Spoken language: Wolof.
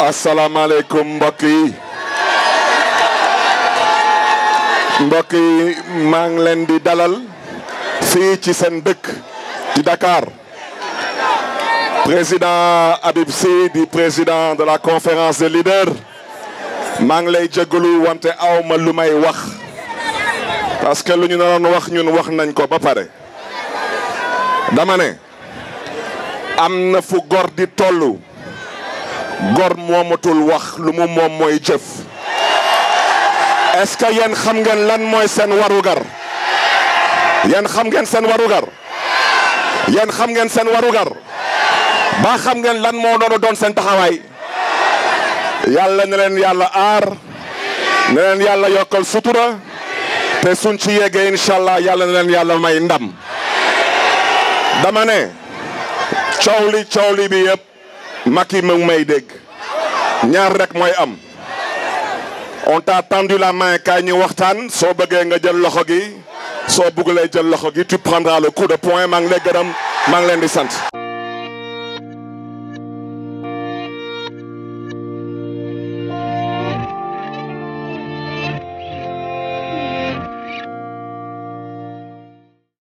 asalaamaaleykum mbokk yi mbokk yi maa ngi leen di dalal fii ci seen dëkk di Dakar président Habib Sy di président de la conférence des leaders maa ngi lay jégalu wante aw ma lu may wax parce que lu ñu naroon wax ñun wax nañ ko ba pare dama ne am na fu góor di tollu gor moomatul wax lu mu moom mooy jëf est yen que xam ngeen lan mooy seen warugar yéen xam ngeen seen warugar yéen xam ngeen seen warugar ba xam ngeen lan moo doon doon seen taxawaay yàlla ne leen yàlla aar ne yàlla yokkal sutura te suñ ci yeggee incha allah yàlla ne leen yàlla may ndam dama ne coow li bi yëpp. Macky mu ngi may dégg ñaar rek mooy am on t'a tendu la main kaay ñu waxtaan soo bëggee nga jël loxo gi soo bëggulee jël loxo gi tu prendras le coup de point maa ngi lay gërëm maa ngi leen di sant.